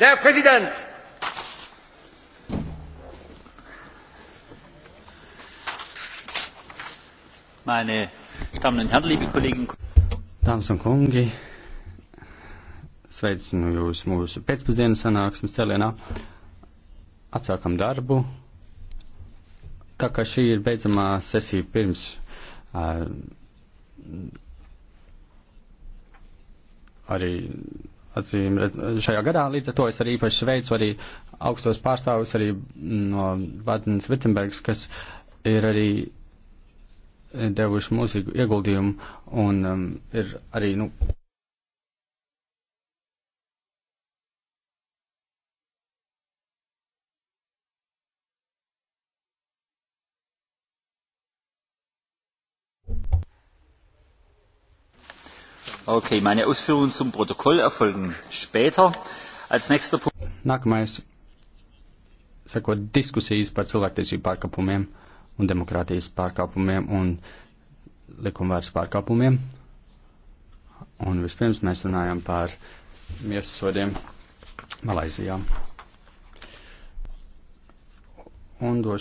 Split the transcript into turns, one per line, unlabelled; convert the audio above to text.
Der Präsident!
Meine
Damen und Herren, liebe Kollegen.
Dāmas un kungi, sveicinu jūs mūsu pēcpusdienas sanāksmes cēlienā. Atsākam darbu. Tā kā šī ir beidzamā sesija pirms uh, arī acīm šajā gadā. Līdz ar to es arī īpaši sveicu arī augstos pārstāvus arī mm, no Badens Vittenbergs, kas ir arī devuši mūsu ieguldījumu un um, ir arī, nu,
Okay, meine Ausführungen zum Protokoll erfolgen
später. Als nächster Punkt. Nākamais sekot diskusijas par cilvēktiesību pārkāpumiem un demokrātijas pārkāpumiem un likumvairs pārkāpumiem. Un vispirms mēs runājam par
miesas sodiem Malaizijā. Un došu